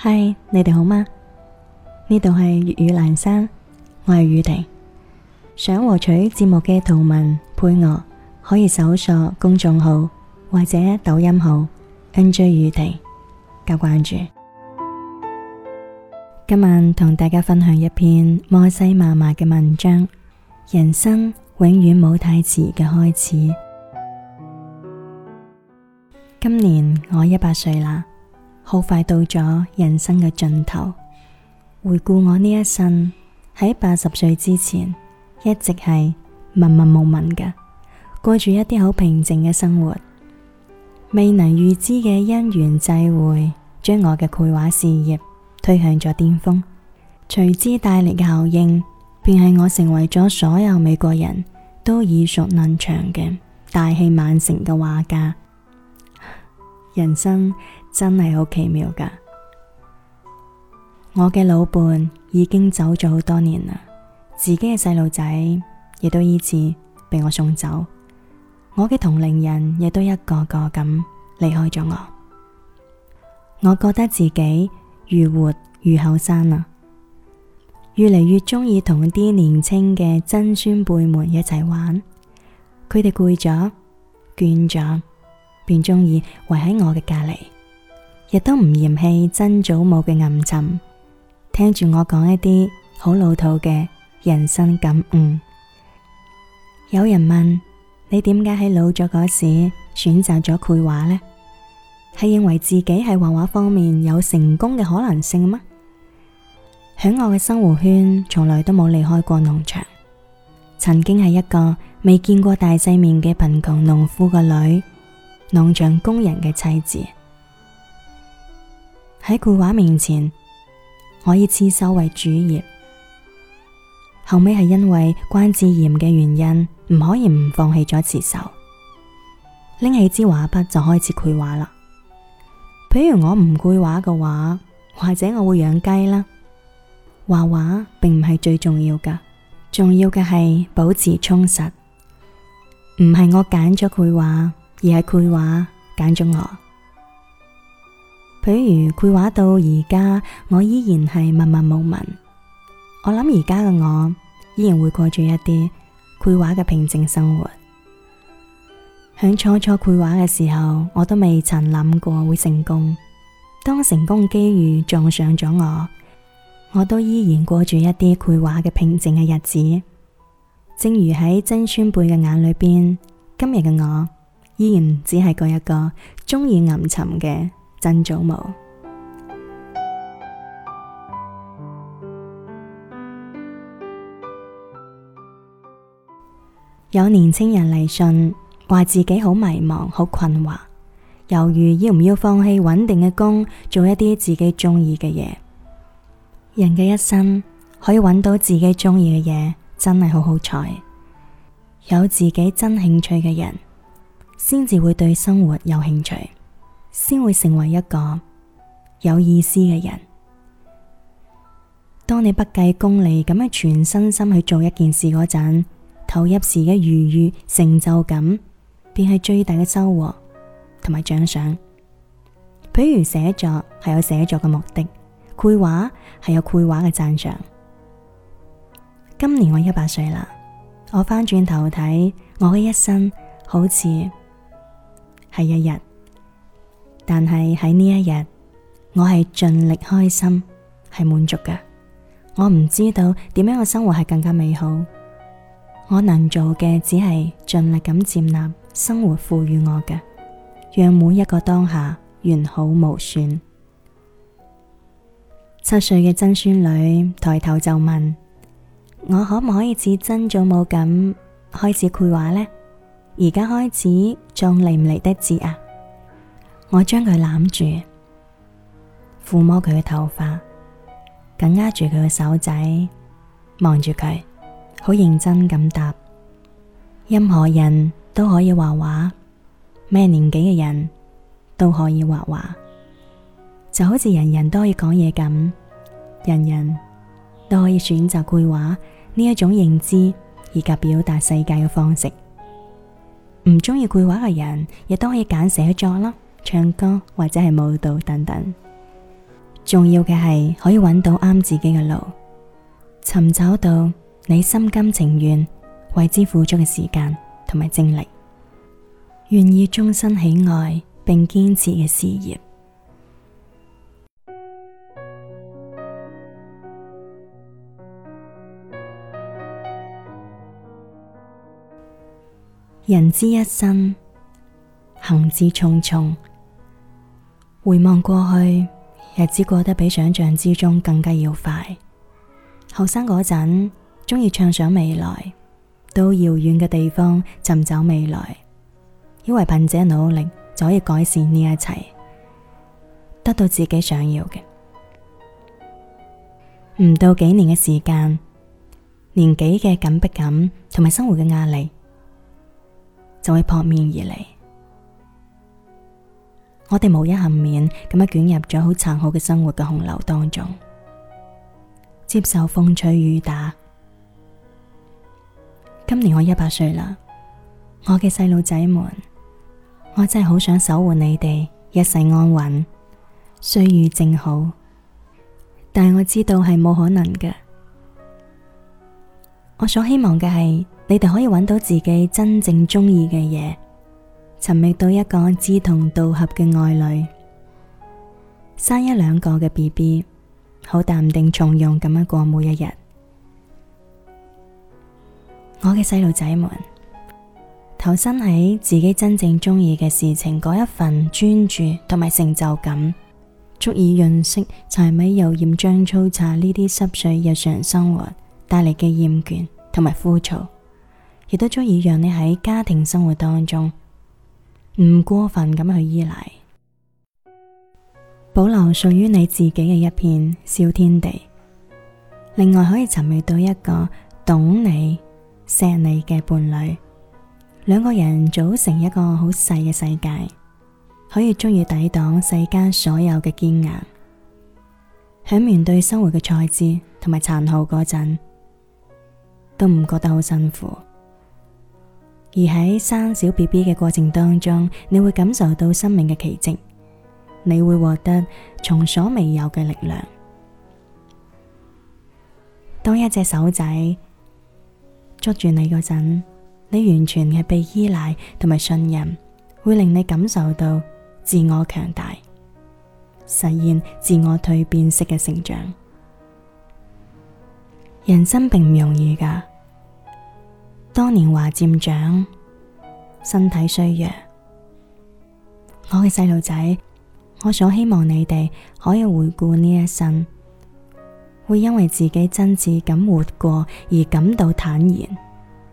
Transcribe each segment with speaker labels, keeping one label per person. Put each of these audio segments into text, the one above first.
Speaker 1: 嗨，Hi，你哋好嗎？呢度係粵語闌珊，我係雨婷。想獲取節目嘅圖文配樂，可以搜索公眾號或者抖音號 NJ 雨婷加關注。今晚同大家分享一篇摩西嫲嫲嘅文章，人生永遠冇太遲嘅開始。今年我一百歲啦。好快到咗人生嘅盡頭，回顧我呢一生，喺八十歲之前，一直係默默無聞嘅過住一啲好平靜嘅生活。未能預知嘅因緣際會，將我嘅繪畫事業推向咗巔峰。隨之帶嚟嘅效應，便係我成為咗所有美國人都耳熟能詳嘅大器晚成嘅畫家。人生，真係好奇妙噶！我嘅老伴已經走咗好多年啦，自己嘅細路仔亦都依次被我送走，我嘅同齡人亦都一個個咁離開咗我。我覺得自己越活越後生啦，越嚟越中意同啲年輕嘅曾孫輩們一齊玩。佢哋攰咗、倦咗，便中意圍喺我嘅隔籬。亦都唔嫌棄曾祖母嘅暗沉，聽住我講一啲好老土嘅人生感悟。有人問，你點解喺老咗嗰時選擇咗繪畫呢？係認為自己喺畫畫方面有成功嘅可能性嗎？響我嘅生活圈，從來都冇離開過農場。曾經係一個未見過大世面嘅貧窮農夫個女，農場工人嘅妻子。喺繪畫面前，我以刺繡為主業。後尾係因為關節炎嘅原因，唔可以唔放棄咗刺繡，拎起支畫筆就開始繪畫啦。譬如我唔繪畫嘅話，或者我會養雞啦。畫畫並唔係最重要噶，重要嘅係保持充實。唔係我揀咗繪畫，而係繪畫揀咗我。比如繪畫到而家，我依然係默默無聞。我諗而家嘅我依然會過住一啲繪畫嘅平靜生活。響初初繪畫嘅時候，我都未曾諗過會成功。當成功機遇撞上咗我，我都依然過住一啲繪畫嘅平靜嘅日子。正如喺曾孫輩嘅眼裏邊，今日嘅我依然只係嗰一個中意吟沉嘅。曾祖母。有年青人嚟信，話自己好迷茫、好困惑，猶豫要唔要放棄穩定嘅工，做一啲自己中意嘅嘢。人嘅一生可以揾到自己中意嘅嘢，真係好好彩。有自己真興趣嘅人，先至會對生活有興趣。先會成為一個有意思嘅人。當你不計功利咁去全身心去做一件事嗰陣，投入時嘅愉悅、成就感，便係最大嘅收穫同埋獎賞。譬如寫作係有寫作嘅目的，繪畫係有繪畫嘅讚賞。今年我一百歲啦，我翻轉頭睇我嘅一生，好似係一日。但係喺呢一日，我係盡力開心，係滿足嘅。我唔知道點樣嘅生活係更加美好。我能做嘅只係盡力咁接納生活賦予我嘅，讓每一個當下完好無損。七歲嘅曾孫女抬頭就問：我可唔可以似曾祖母咁開始繪畫呢？而家開始仲嚟唔嚟得切啊？我將佢攬住，撫摸佢嘅頭髮，緊握住佢嘅手仔，望住佢，好認真咁答：任何人都可以畫畫，咩年紀嘅人都可以畫畫，就好似人人都可以講嘢咁，人人都可以選擇繪畫呢一種認知以及表達世界嘅方式。唔鍾意繪畫嘅人，亦都可以揀寫作啦。唱歌或者係舞蹈等等，重要嘅係可以揾到啱自己嘅路，尋找到你心甘情願為之付出嘅時間同埋精力，願意終身喜愛並堅持嘅事業。人之一生，行之匆匆。回望過去，日子過得比想象之中更加要快。後生嗰陣，鍾意暢想未來，到遙遠嘅地方尋找未來，以為憑藉努力就可以改善呢一切，得到自己想要嘅。唔到幾年嘅時間，年紀嘅緊迫感同埋生活嘅壓力就會撲面而嚟。我哋無一幸免咁樣捲入咗好殘酷嘅生活嘅洪流當中，接受風吹雨打。今年我一百歲啦，我嘅細路仔們，我真係好想守護你哋一世安穩，歲月靜好。但係我知道係冇可能嘅。我所希望嘅係，你哋可以搵到自己真正中意嘅嘢。尋覓到一個志同道合嘅愛侶，生一兩個嘅 BB，好淡定從容咁樣過每一日。我嘅細路仔們投身喺自己真正中意嘅事情嗰一份專注同埋成就感，足以潤色柴米油鹽醬醋茶呢啲濕碎日常生活帶嚟嘅厭倦同埋枯燥，亦都足以讓你喺家庭生活當中。唔過分咁去依賴，保留屬於你自己嘅一片小天地。另外可以尋覓到一個懂你、錫你嘅伴侶，兩個人組成一個好細嘅世界，可以足以抵擋世間所有嘅堅硬。響面對生活嘅挫折同埋殘酷嗰陣，都唔覺得好辛苦。而喺生小 B B 嘅過程當中，你會感受到生命嘅奇蹟，你會獲得從所未有嘅力量。當一隻手仔捉住你嗰陣，你完全嘅被依賴同埋信任，會令你感受到自我強大，實現自我蛻變式嘅成長。人生並唔容易噶。當年華漸長，身體衰弱。我嘅細路仔，我想希望你哋可以回顧呢一生，會因為自己真摯咁活過而感到坦然，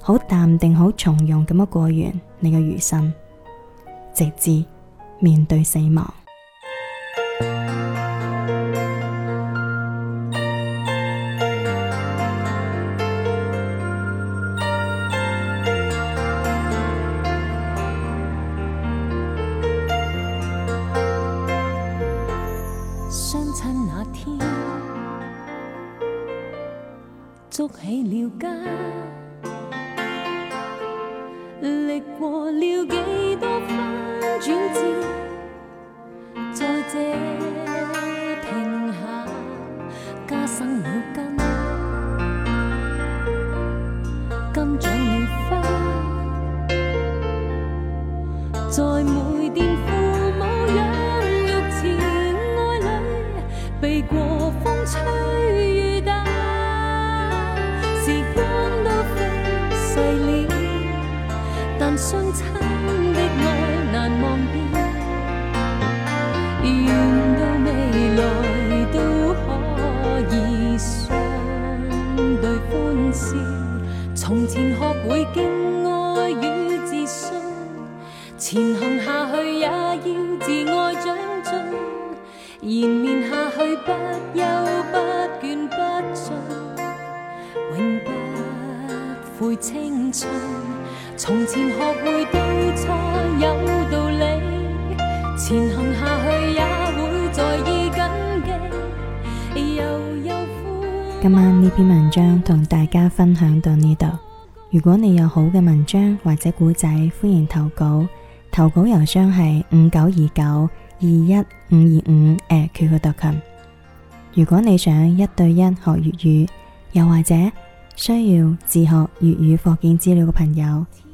Speaker 1: 好淡定、好從容咁樣過完你嘅餘生，直至面對死亡。
Speaker 2: 相親的愛難忘掉，願到未來都可以相對歡笑。從前學會敬愛與自信，前行下去也要自愛長進，延綿下去不憂不倦不盡，永不悔青春。從前學會都錯有道理，前行下去也會在意。
Speaker 1: 今晚呢篇文章同大家分享到呢度。如果你有好嘅文章或者故仔，歡迎投稿。投稿郵箱係五九二九二一五二五誒 QQ 特群。如果你想一對一學粵語，又或者需要自學粵語課件資料嘅朋友，